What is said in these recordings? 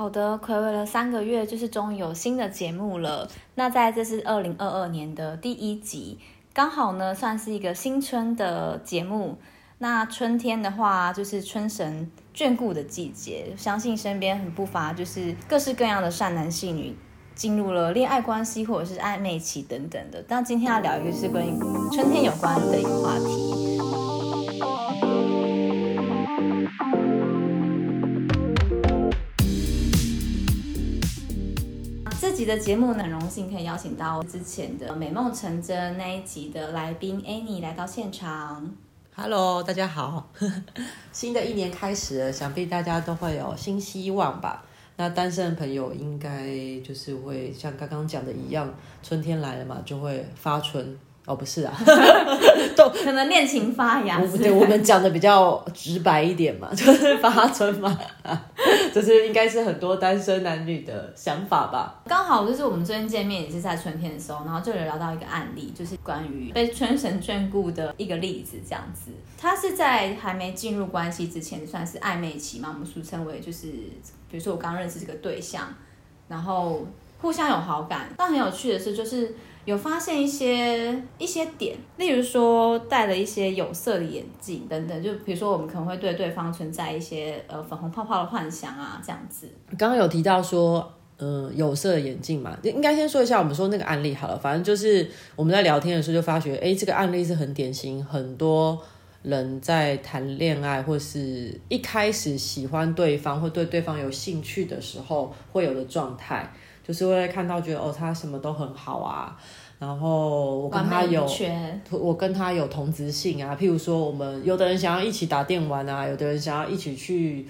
好的，睽違了三個月，就是終於有新的節目了。那在這是二零二二年的第一集，剛好呢算是一個新春的節目。那春天的話，就是春神眷顧的季節，相信身邊很不乏就是各式各樣的善男信女進入了戀愛關係或者是曖昧期等等的。但今天要聊一個是關於春天有關的一個話題。的節目呢，榮幸可以邀請到之前的《美夢成真》那一集的來賓 Amy 來到現場。Hello，大家好！ 新的一年開始了，想必大家都會有新希望吧？那單身的朋友應該就是會像剛剛講的一樣，春天來了嘛，就會發春哦，不是啊，都 可能戀情發芽是不是。對，我們講的比較直白一點嘛，就是發春嘛。 這是應該是很多單身男女的想法吧。剛好就是我們最近見面也是在春天的時候，然後就有聊到一個案例，就是關於被春神眷顧的一個例子，這樣子。他是在還沒進入關係之前，算是曖昧期嘛，我們俗稱為就是，比如說我剛認識這個對象，然後互相有好感。但很有趣的是，就是。有發現一些一些點，例如說戴了一些有色的眼鏡等等，就比如說我們可能會對對方存在一些呃粉紅泡泡的幻想啊，這樣子。剛剛有提到說，嗯、呃，有色的眼鏡嘛，應該先說一下我們說那個案例好了。反正就是我們在聊天的時候就發覺，哎、欸，這個案例是很典型，很多人在談戀愛或是一開始喜歡對方或對對方有興趣的時候會有的狀態。就是會看到覺得哦，他什麼都很好啊，然後我跟他有我跟他有同質性啊。譬如說，我們有的人想要一起打電玩啊，有的人想要一起去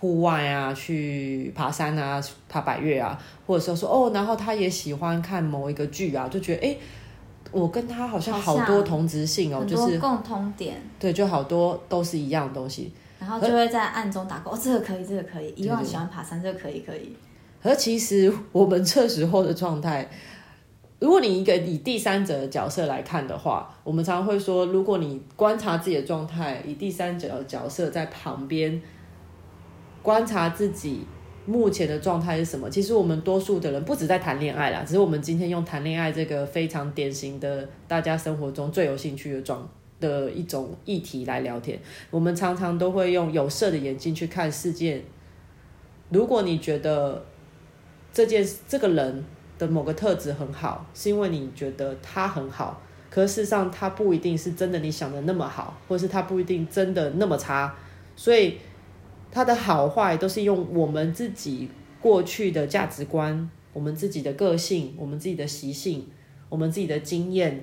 戶外啊，去爬山啊，爬百嶽啊，或者說說哦，然後他也喜歡看某一個劇啊，就覺得哎、欸，我跟他好像好多同質性哦、喔，好多就是共通點，對，就好多都是一樣的東西。然後就會在暗中打勾哦，這個可以，這個可以，一樣喜歡爬山，對對對，這個可以，可以。而其實我們這時候的狀態，如果你一個以第三者的角色來看的話，我們常常會說，如果你觀察自己的狀態，以第三者的角色在旁邊觀察自己目前的狀態是什麼？其實我們多數的人不止在談戀愛啦，只是我們今天用談戀愛這個非常典型的大家生活中最有興趣的狀的一種議題來聊天。我們常常都會用有色的眼鏡去看世界。如果你覺得，這件這個人的某個特質很好，是因為你覺得他很好，可事實上他不一定是真的你想的那麼好，或是他不一定真的那麼差。所以，他的好壞都是用我們自己過去的價值觀、我們自己的個性、我們自己的習性、我們自己的經驗，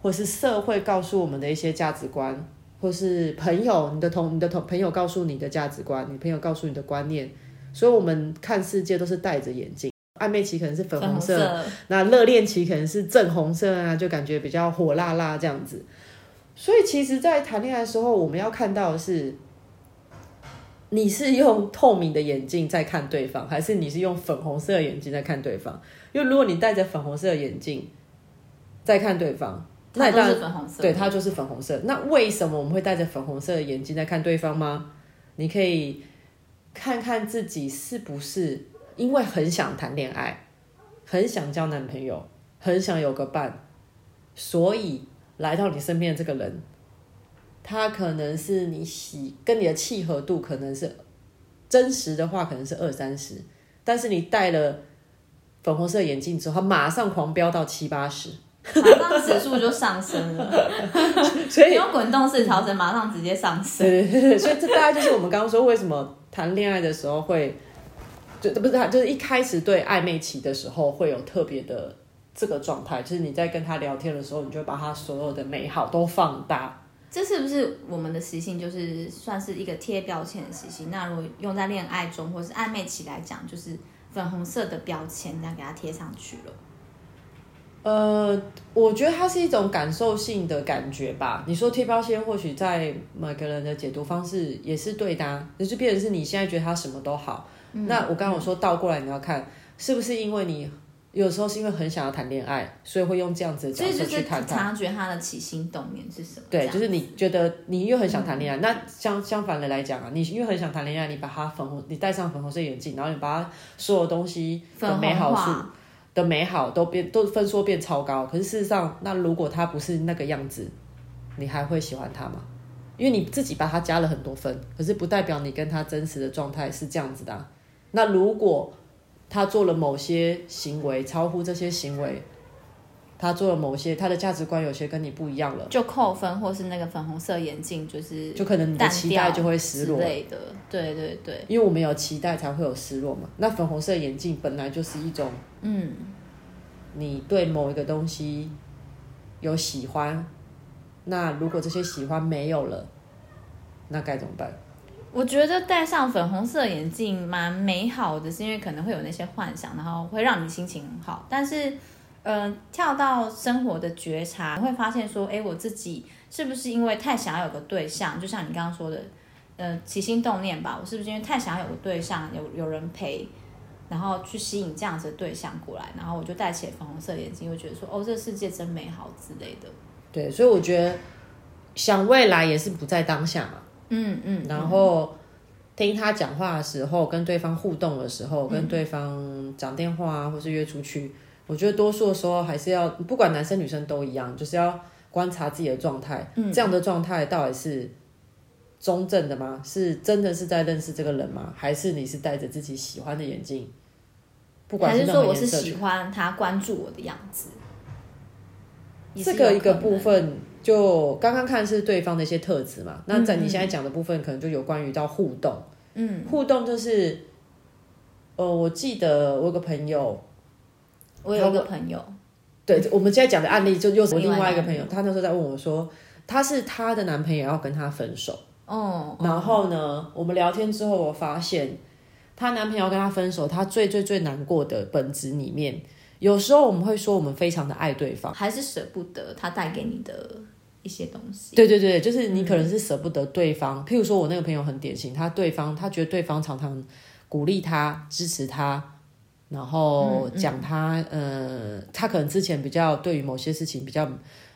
或是社會告訴我們的一些價值觀，或是朋友、你的同、你的同朋友告訴你的價值觀、你朋友告訴你的觀念。所以，我們看世界都是戴着眼鏡。曖昧期可能是粉紅色，那熱戀期可能是正紅色啊，就感覺比較火辣辣這樣子。所以，其實，在談戀愛的時候，我們要看到的是，你是用透明的眼鏡在看對方，還是你是用粉紅色的眼鏡在看對方？因為，如果你戴着粉紅色的眼鏡在看對方，那就是粉紅色。對，它就是粉紅色。那為什麼我們會戴着粉紅色的眼鏡在看對方嗎？你可以。看看自己是不是因為很想談戀愛，很想交男朋友，很想有個伴，所以來到你身邊的這個人，他可能是你喜跟你的契合度可能是真實的話，可能是二三十，但是你戴了粉紅色眼鏡之後，他馬上狂飆到七八十，馬上指數就上升了， 所以你用滾動式調整，馬上直接上升，對對對，所以這大概就是我們剛剛說為什麼。談戀愛的時候會，就這不是他，就是一開始對曖昧期的時候會有特別的這個狀態，就是你在跟他聊天的時候，你就把他所有的美好都放大。這是不是我們的習性，就是算是一個貼標籤的習性？那如果用在戀愛中或是曖昧期來講，就是粉紅色的標籤這樣給他貼上去了。呃，我覺得它是一種感受性的感覺吧。你說貼標籤，或許在每個人的解讀方式也是對的。就變成是你現在覺得他什麼都好，嗯、那我剛剛我說、嗯、倒過來，你要看是不是因為你有時候是因為很想要談戀愛，所以會用這樣子的角色去看待。所以察覺他的起心動念是什麼？對，就是你覺得你又很想談戀愛，嗯、那相相反的來講啊，你越很想談戀愛，你把他粉紅，你戴上粉紅色眼鏡，然後你把他所有東西的美好處粉紅化。的美好都變都分數變超高，可是事實上，那如果他不是那個樣子，你還會喜歡他嗎？因為你自己把他加了很多分，可是不代表你跟他真實的狀態是這樣子的啊。那如果他做了某些行為，超乎這些行為。他做了某些，他的價值觀有些跟你不一樣了，就扣分，或是那個粉紅色眼鏡，就是就可能你的期待就會失落之類的，對對對，因為我們有期待才會有失落嘛。那粉紅色眼鏡本來就是一種，嗯，你對某一個東西有喜歡，嗯、那如果這些喜歡沒有了，那該怎麼辦？我覺得戴上粉紅色眼鏡蠻美好的，是因為可能會有那些幻想，然後會讓你心情很好，但是。呃、嗯，跳到生活的覺察，你會發現說，哎、欸，我自己是不是因為太想要有個對象？就像你剛剛說的，呃，起心動念吧，我是不是因為太想要有個對象，有有人陪，然後去吸引這樣子的對象過來，然後我就戴起了粉紅色眼鏡，會覺得說，哦，這個、世界真美好之類的。對，所以我覺得想未來也是不在當下嘛。嗯嗯。嗯然後、嗯、聽他講話的時候，跟對方互動的時候，跟對方講電話、嗯、或是約出去。我覺得多數的時候還是要，不管男生女生都一樣，就是要觀察自己的狀態。嗯，這樣的狀態到底是中正的嗎？是真的是在認識這個人嗎？還是你是戴着自己喜歡的眼鏡？不管是，還是說我是喜歡他關注我的樣子，這個一個部分就剛剛看是對方的一些特質嘛。那在你現在講的部分，可能就有關於到互動。嗯，互動就是，呃，我記得我有個朋友。我有一個朋友，我對我們現在講的案例就又是另外一個朋友，他那時候在問我說，他是他的男朋友要跟他分手，哦，然後呢，嗯、我們聊天之後，我發現他男朋友跟他分手，他最最最難過的本質裡面，有時候我們會說我們非常的愛對方，還是捨不得他帶給你的一些東西。對對對，就是你可能是捨不得對方，嗯、譬如說我那個朋友很典型，他對方他覺得對方常常鼓勵他，支持他。然後講他，嗯嗯、呃，他可能之前比較對於某些事情比較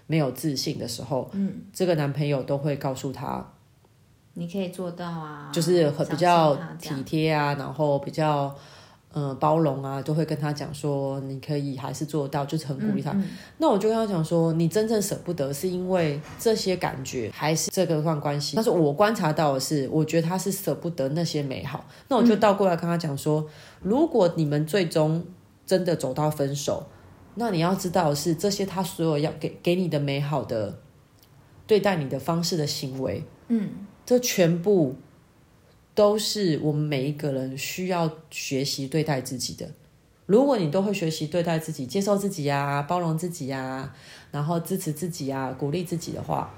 沒有自信的時候，嗯、這個男朋友都會告訴他，你可以做到啊，就是很比較體貼啊，然後比較。嗯，包容啊，都會跟他講說，你可以還是做到，就是很鼓勵他。嗯嗯。那我就跟他講說，你真正捨不得是因為這些感覺，還是這個段關係？但是我觀察到的是，我覺得他是捨不得那些美好。那我就倒過來跟他講說，嗯，如果你們最終真的走到分手，那你要知道的是，這些他所有要給給你的美好的對待你的方式的行為，嗯，這全部。都是我們每一個人需要學習對待自己的。如果你都會學習對待自己、接受自己呀、啊、包容自己呀、啊，然後支持自己啊、鼓勵自己的話，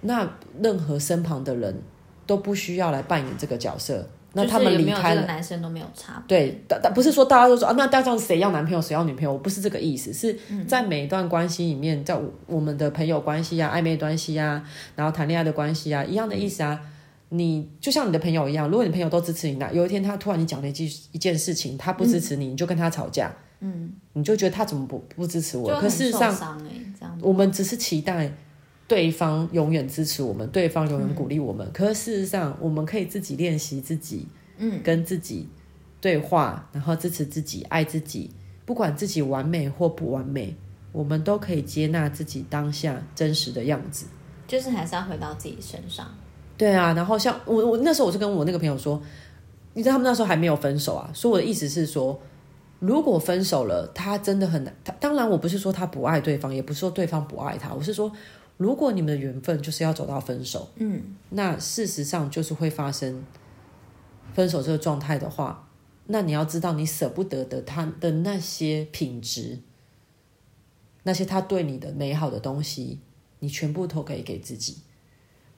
那任何身旁的人都不需要來扮演這個角色。那他們離開了，有有男生都沒有差。對，但，但不是說大家都說啊，那大家誰要男朋友，誰要女朋友，我不是這個意思，是在每一段關係裡面，在我們的朋友關係呀、啊、曖昧關係呀、啊、然後談戀愛的關係呀、啊，一樣的意思啊。嗯你就像你的朋友一樣，如果你朋友都支持你，那有一天他突然你講了一句一件事情，他不支持你，嗯、你就跟他吵架，嗯，你就覺得他怎麼不不支持我？就會可是事實上，欸、我們只是期待對方永遠支持我們，對方永遠鼓勵我們。嗯、可是事實上，我們可以自己練習自己，嗯，跟自己對話，然後支持自己，愛自己，不管自己完美或不完美，我們都可以接納自己當下真實的樣子，就是還是要回到自己身上。對啊，然後像我我那時候，我是跟我那個朋友說，你知道他們那時候還沒有分手啊。所以我的意思是說，如果分手了，他真的很難。他當然，我不是說他不愛對方，也不是說對方不愛他。我是說，如果你們的緣分就是要走到分手，嗯，那事實上就是會發生分手這個狀態的話，那你要知道，你捨不得的他的那些品質，那些他對你的美好的東西，你全部都可以給自己。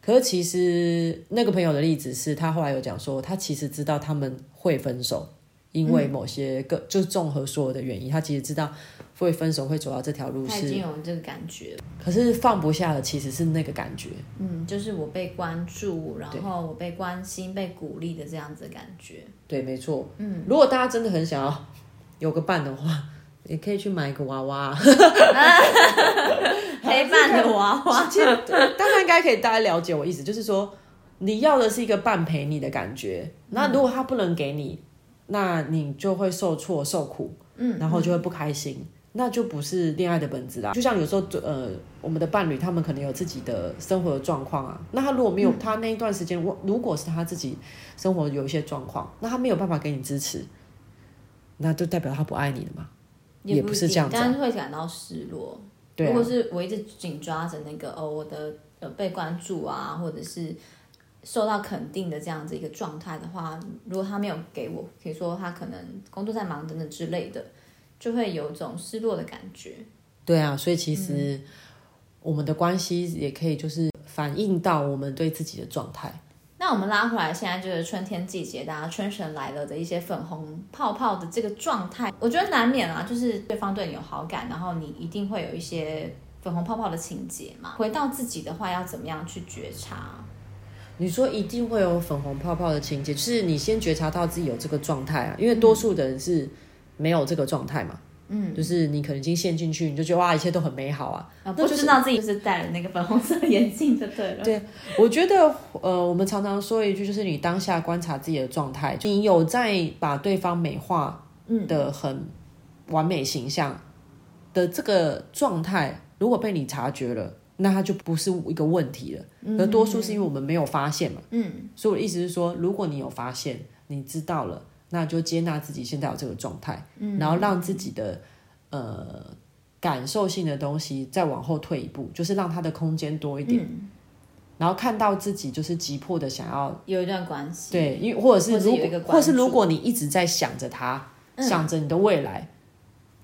可是其實那個朋友的例子是他後來有講說，他其實知道他們會分手，因為某些個、嗯、就是綜合所有的原因，他其實知道會分手，會走到這條路上，他已經有這個感覺了。可是放不下的，其實是那個感覺。嗯，就是我被關注，然後我被關心、對被鼓勵的這樣子的感覺。對，沒錯。嗯，如果大家真的很想要有個伴的話，也可以去買一個娃娃。 陪伴的娃娃是，是但是應該可以大家了解我意思，就是說 你要的是一個伴陪你的感覺。那如果他不能給你，那你就會受挫，受苦，嗯，然後就會不開心，嗯、那就不是戀愛的本質啦。就像有時候，呃，我們的伴侶他們可能有自己的生活狀況啊。那他如果沒有、嗯、他那一段時間，如果是他自己生活有一些狀況，那他沒有辦法給你支持，那就代表他不愛你了嘛？也不，也不是這樣子，啊，但是會感到失落。啊，如果是我一直緊抓着那個哦，我的呃被關注啊，或者是受到肯定的這樣子一個狀態的話，如果他沒有給我，可以說他可能工作在忙等等之類的，就會有種失落的感覺。對啊，所以其實我們的關係也可以就是反映到我們對自己的狀態。那我們拉回來，現在就是春天季節啊，大家春神來了的一些粉紅泡泡的這個狀態，我覺得難免啊，就是對方對你有好感，然後你一定會有一些粉紅泡泡的情節嘛。回到自己的話，要怎麼樣去覺察？你說一定會有粉紅泡泡的情節，就是你先覺察到自己有這個狀態啊，因為多數的人是沒有這個狀態嘛。嗯，就是你可能已經陷進去，你就覺得哇，一切都很美好啊！不知道自己就是戴了那個粉紅色的眼鏡就對了。 對，我覺得，呃，我們常常說一句，就是你當下觀察自己的狀態，你有在把對方美化的很完美形象的這個狀態，如果被你察覺了，那它就不是一個問題了。嗯，而多數是因為我們沒有發現嘛。嗯，所以我的意思是說，如果你有發現，你知道了。那就接納自己現在有這個狀態，嗯、然後讓自己的呃感受性的東西再往後退一步，就是讓他的空間多一點，嗯、然後看到自己就是急迫的想要有一段關係，對，因為或者是如果，或是，或是如果你一直在想着他，嗯、想着你的未來，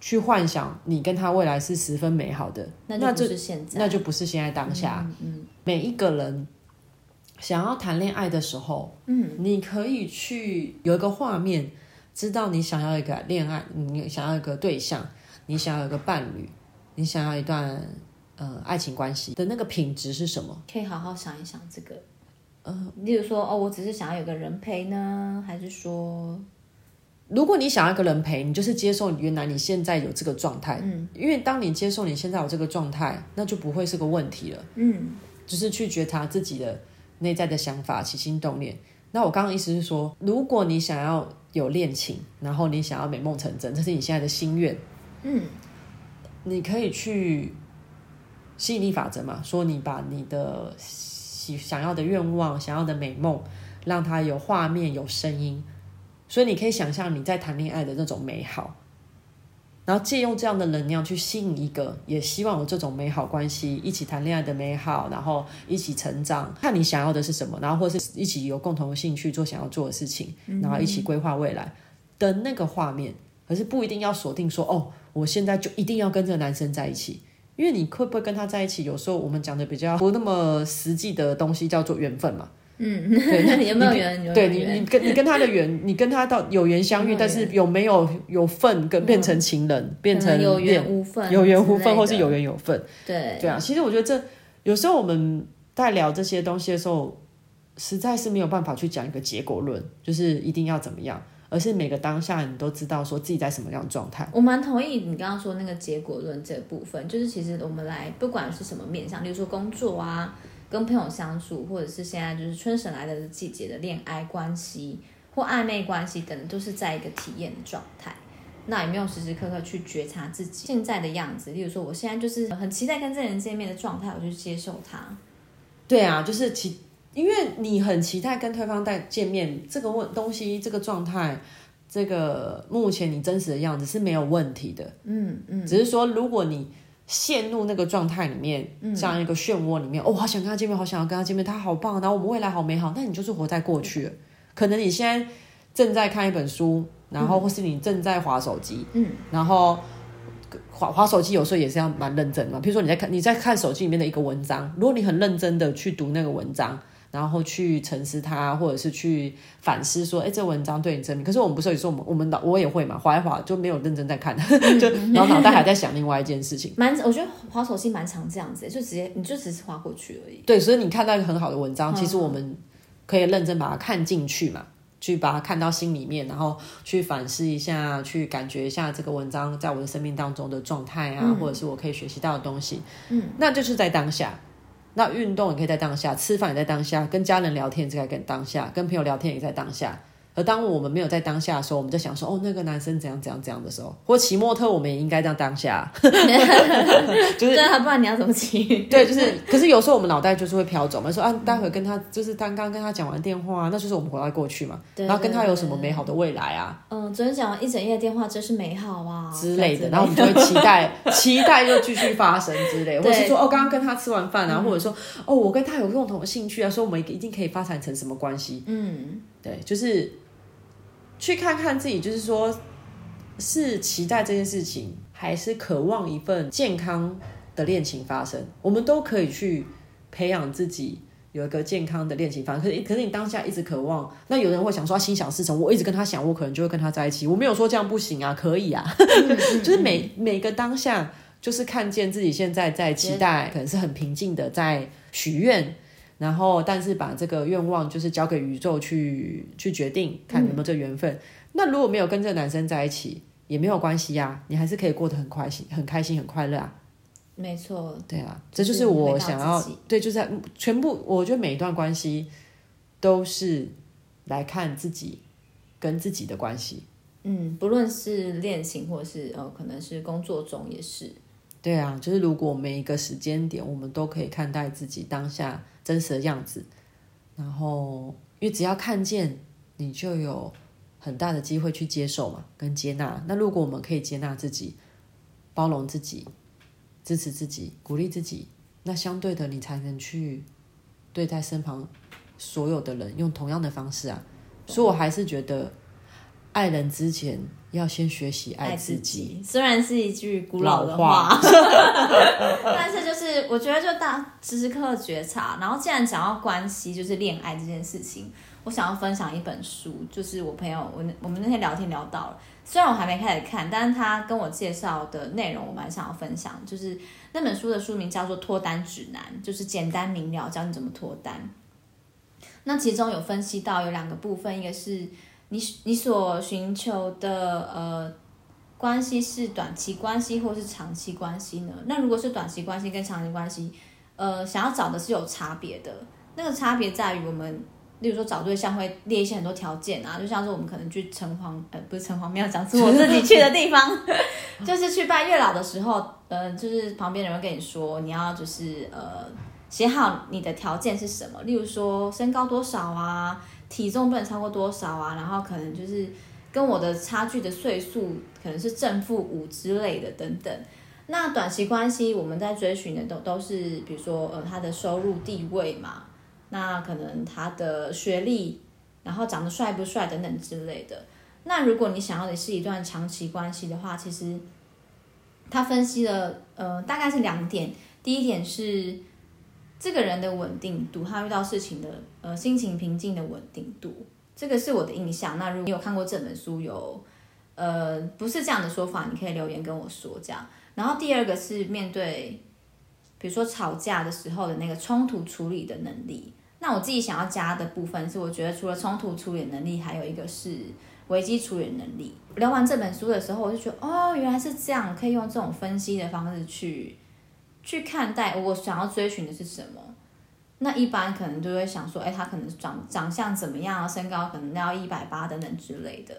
去幻想你跟他未來是十分美好的，那就是現在，那就不是現在當下，嗯嗯、每一個人。想要談戀愛的時候，嗯，你可以去有一個畫面，知道你想要一個戀愛，你想要一個對象，你想要一個伴侶，你想要一段、呃、愛情關係的那個品質是什麼？可以好好想一想這個，嗯、呃，例如說哦，我只是想要有個人陪呢，還是說，如果你想要一個人陪，你就是接受原來你現在有這個狀態，嗯，因為當你接受你現在有這個狀態，那就不會是個問題了，嗯，只是去覺察自己的。內在的想法、起心動念。那我剛剛意思是說，如果你想要有戀情，然後你想要美夢成真，這是你現在的心願。嗯，你可以去吸引力法則嘛，說你把你的想要的願望、想要的美夢，讓它有畫面、有聲音，所以你可以想象你在談戀愛的那種美好。然後借用這樣的能量去吸引一個，也希望有這種美好關係，一起談戀愛的美好，然後一起成長。看你想要的是什麼，然後或者是一起有共同的興趣，做想要做的事情，然後一起規劃未來的那個畫面。可是不一定要鎖定說，哦，我現在就一定要跟這個男生在一起，因為你會不會跟他在一起？有時候我們講的比較不那麼實際的東西，叫做緣分嘛。嗯，對，那 你有沒有緣？對你，你跟你跟他的緣， 你跟他到有緣相遇，緣但是有沒有有份跟變成情人，嗯、變成變有緣無份，有緣無份，或是有緣有份？對，對啊。其實我覺得這有時候我們在聊這些東西的時候，實在是沒有辦法去講一個結果論，就是一定要怎麼樣，而是每個當下你都知道說自己在什麼樣的狀態。我蠻同意你剛剛說那個結果論這部分，就是其實我們來不管是什麼面向，例如說工作啊。跟朋友相處，或者是現在就是春神來的季節的戀愛關係或曖昧關係等等，都是在一個體驗的狀態，那也沒有時時刻刻去覺察自己現在的樣子。例如說，我現在就是很期待跟這個人見面的狀態，我就接受他。對啊，就是其因為你很期待跟對方在見面這個問東西這個狀態，這個目前你真實的樣子是沒有問題的。嗯嗯，嗯。只是說如果你。陷入那個狀態裡面，像一個漩渦裡面，嗯哦、我好想跟他見面，好想要跟他見面，他好棒，然後我們未來好美好。那你就是活在過去，嗯、可能你現在正在看一本書，然後或是你正在滑手機，嗯、然後滑滑手機有時候也是要蠻認真嘛。比如說你在看，你在看手機裡面的一個文章，如果你很認真的去讀那個文章。然後去沉思它，或者是去反思說，哎，這文章對你生命……可是我們不是也說我，我們我們的我也會嘛，滑一滑就沒有認真在看， 就然後腦袋還在想另外一件事情。蠻，我覺得滑手機蠻常這樣子，就直接你就只是滑過去而已。對，所以你看到一個很好的文章，其實我們可以認真把它看進去嘛，嗯、去把它看到心裡面，然後去反思一下，去感覺一下這個文章在我的生命當中的狀態啊，嗯、或者是我可以學習到的東西。嗯，那就是在當下。那運動也可以在當下，吃飯也在當下，跟家人聊天也在當下，跟朋友聊天也在當下。而當我們沒有在當下的時候，我們在想說哦，那個男生怎樣怎樣怎樣的時候，或騎摩托，我們也應該在當下， 就是 對、啊、不知道你要怎麼騎？ 對，就是。可是有時候我們腦袋就是會飄走嘛，我們說啊，待會跟他就是剛剛跟他講完電話、啊，那就是我們回到過去嘛。對對對對，然後跟他有什麼美好的未來啊？嗯，昨天講完一整夜電話真是美好啊之類的，對然後我們就會期待， 期待又繼續發生之類的，對或是說哦，剛剛跟他吃完飯，啊。」或者說、嗯、哦，我跟他有共同興趣啊，說我們一定可以發展成什麼關係？嗯，對，就是。去看看自己，就是說是期待這件事情，還是渴望一份健康的戀情發生。我們都可以去培養自己有一個健康的戀情發生。可是，可是你當下一直渴望，那有人會想說心想事成，我一直跟他想，我可能就會跟他在一起。我沒有說這樣不行啊，可以啊， 就是每每個當下，就是看見自己現在在期待，哪可能是很平靜的在許願。然後，但是把這個願望就是交給宇宙去去決定，看有沒有這個緣分。嗯、那如果沒有跟這個男生在一起，也沒有關係呀、啊，你還是可以過得很快、很開心、很快樂啊。沒錯。對啊，就這就是我想要，對，就是全部。我覺得每一段關係都是來看自己跟自己的關係。嗯，不論是戀情，或是呃、哦，可能是工作中也是。對啊，就是如果每一個時間點，我們都可以看待自己當下真實的樣子，然後因為只要看見，你就有很大的機會去接受嘛，跟接納。那如果我們可以接納自己，包容自己，支持自己，鼓勵自己，那相對的，你才能去對待身旁所有的人，用同樣的方式啊。所以我還是覺得。愛人之前要先學習愛，愛自己，雖然是一句古老的話，老花 但是就是我覺得就大時時刻刻覺察。然後，既然想要關係就是戀愛這件事情，我想要分享一本書，就是我朋友我我們那天聊天聊到了。雖然我還沒開始看，但是他跟我介紹的內容，我蠻想要分享。就是那本書的書名叫做《脫單指南》，就是簡單明了教你怎麼脫單。那其中有分析到有兩個部分，一個是。你你所尋求的呃關係是短期關係或是長期關係呢？那如果是短期關係跟長期關係，呃，想要找的是有差別的。那個差別在於我們，例如說找對象會列一些很多條件啊，就像是我們可能去城隍，呃不是城隍廟，講是我自己去的地方， 就是去拜月老的時候，嗯、呃，就是旁邊人會跟你說你要就是呃寫好你的條件是什麼，例如說身高多少啊。體重不能超過多少啊？然後可能就是跟我的差距的歲數可能是正負五之類的等等。那短期關係我們在追尋的都都是，比如說呃他的收入地位嘛，那可能他的學歷，然後長得帥不帥等等之類的。那如果你想要的是一段長期關係的話，其實他分析了呃大概是兩點，第一點是，這個人的穩定度，他遇到事情的呃心情平靜的穩定度，這個是我的印象。那如果你有看過這本書有，有呃不是這樣的說法，你可以留言跟我說這樣。然後第二個是面對，比如說吵架的時候的那個衝突處理的能力。那我自己想要加的部分是，我覺得除了衝突處理能力，還有一個是危機處理能力。聊完這本書的時候，我就覺得哦，原來是這樣，可以用這種分析的方式去。去看待我想要追尋的是什麼，那一般可能就會想說，哎，他可能長長相怎麼樣啊，身高可能要一百八等等之類的。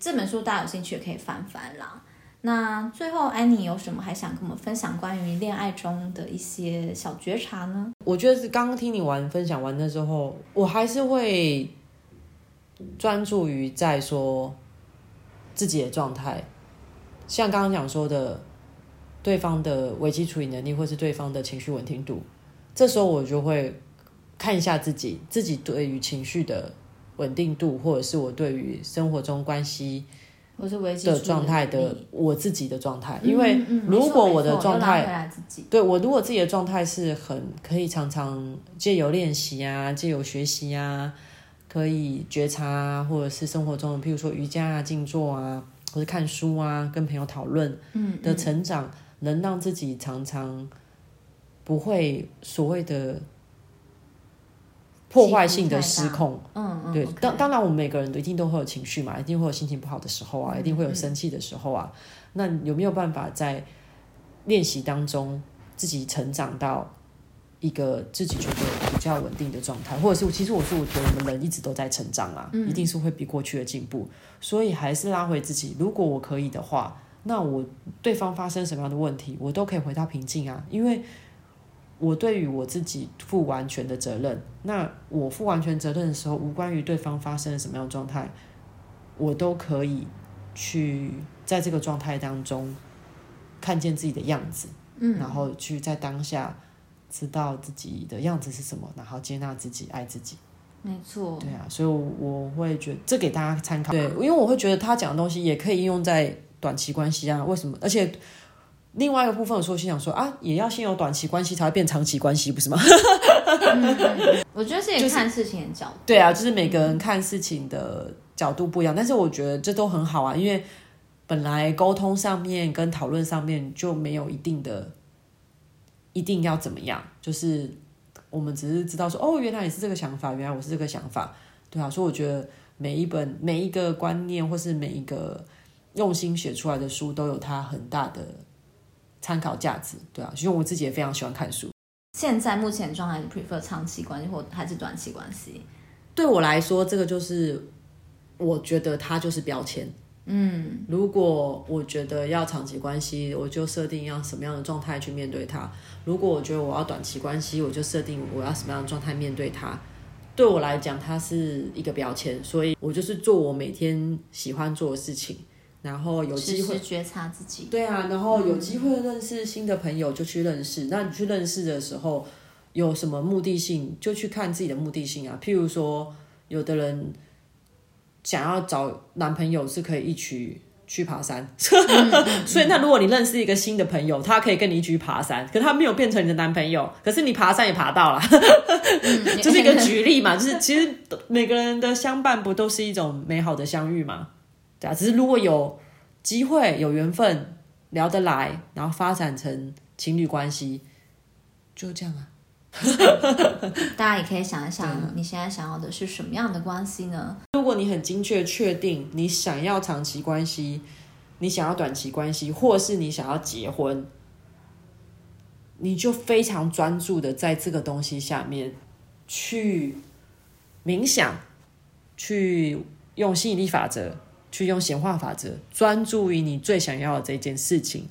這本書大家有興趣也可以翻翻啦。那最後，安妮有什麼還想跟我們分享關於戀愛中的一些小覺察呢？我覺得是剛剛聽你完分享完的之後，我還是會專注於在說自己的狀態，像剛剛講說的。對方的危機處理能力，或是對方的情緒穩定度，這時候我就會看一下自己，自己對於情緒的穩定度，或者是我對於生活中關係的狀態的我，我自己的狀態。因為如果我的狀態，嗯嗯、對我如果自己的狀態是很可以常常借由練習啊，借由學習啊，可以覺察啊，或者是生活中，譬如說瑜伽啊、靜坐啊，或者看書啊，跟朋友討論的成長。嗯嗯能讓自己常常不會所謂的破壞性的失控，嗯嗯，嗯對。當當然，我們每個人都一定都會有情緒嘛，一定會有心情不好的時候啊，一定會有生氣的時候啊。嗯嗯，那有沒有辦法在練習當中自己成長到一個自己覺得比較穩定的狀態？或者是，其實我是我覺得，我們人一直都在成長啊，嗯，一定是會比過去的進步。所以還是拉回自己，如果我可以的話。那我對方發生什麼樣的問題，我都可以回到平靜啊，因為，我對於我自己負完全的責任。那我負完全責任的時候，無關於對方發生了什麼樣的狀態，我都可以去在這個狀態當中看見自己的樣子，嗯，然後去在當下知道自己的樣子是什麼，然後接納自己，愛自己。沒錯，對啊，所以我會覺得這給大家參考。對，因為我會覺得他講的東西也可以應用在。短期關係啊？為什麼？而且另外一個部分，的時候，心想說啊，也要先有短期關係才會變長期關係，不是嗎？ 我覺得這也看事情的角度，就是。對啊，就是每個人看事情的角度不一樣，嗯、但是我覺得這都很好啊，因為本來溝通上面跟討論上面就沒有一定的，一定要怎麼樣，就是我們只是知道說哦，原來你是這個想法，原來我是這個想法，對啊，所以我覺得每一本每一個觀念或是每一個。用心寫出來的書都有它很大的參考價值，對啊，其實我自己也非常喜歡看書。現在目前狀態，prefer 長期關係或還是短期關係？對我來說，這個就是我覺得它就是標籤。嗯，如果我覺得要長期關係，我就設定要什麼樣的狀態去面對它；如果我覺得我要短期關係，我就設定我要什麼樣的狀態面對它。對我來講，它是一個標籤，所以我就是做我每天喜歡做的事情。然後有機會覺察自己，對啊，然後有機會認識新的朋友就去認識。那你去認識的時候有什麼目的性？就去看自己的目的性啊。譬如說，有的人想要找男朋友是可以一起去爬山，所以那如果你認識一個新的朋友，他可以跟你一起去爬山，可他沒有變成你的男朋友，可是你爬山也爬到了，就是一個舉例嘛。就是其實每個人的相伴不都是一種美好的相遇嗎？假如如果有機會、有緣分、聊得來，然後發展成情侶關係，就這樣啊。 大家也可以想一想，嗎你現在想要的是什麼樣的關係呢？如果你很精確確定你想要長期關係，你想要短期關係，或是你想要結婚，你就非常專注的在這個東西下面去冥想，去用吸引力法則。去用顯化法則，專注於你最想要的這件事情，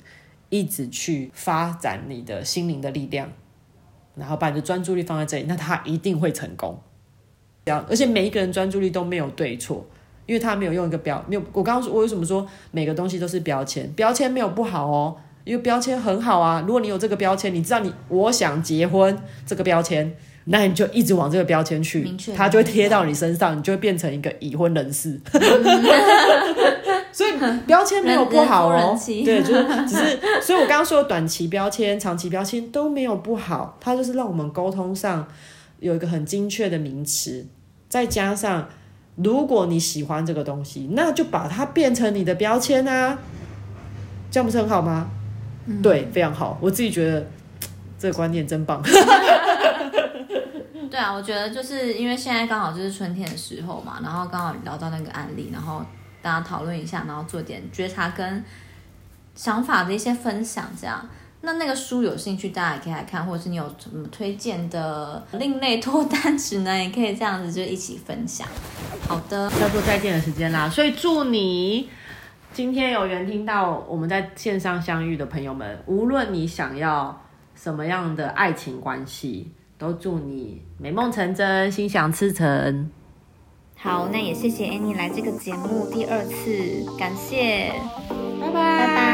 一直去發展你的心靈的力量，然後把你的專注力放在這裡，那他一定會成功。這樣而且每一個人專注力都沒有對錯，因為他沒有用一個標，沒有。我剛剛說，我為什麼說每個東西都是標籤？標籤沒有不好哦，因為標籤很好啊。如果你有這個標籤，你知道你我想結婚這個標籤。那你就一直往這個標籤去，它就會貼到你身上，你就會變成一個已婚人士。所以標籤沒有不好哦，對，就是只是，所以我剛剛說的短期標籤、長期標籤都沒有不好，它就是讓我們溝通上有一個很精確的名詞。再加上，如果你喜歡這個東西，那就把它變成你的標籤啊，這樣不是很好嗎？嗯，對，非常好，我自己覺得這個觀念真棒。 對啊，我覺得就是因為現在剛好就是春天的時候嘛，然後剛好聊到那個案例，然後大家討論一下，然後做點覺察跟想法的一些分享，這樣。那那個書有興趣，大家也可以來看，或者是你有什麼推薦的另類脫單指南，也可以這樣子就一起分享。好的，要說再見的時間啦，所以祝你今天有緣聽到我們在線上相遇的朋友們，無論你想要什麼樣的愛情關係。都祝你美夢成真，心想事成。好，那也謝謝 Annie 來這個節目第二次，感謝，拜拜拜拜。拜拜。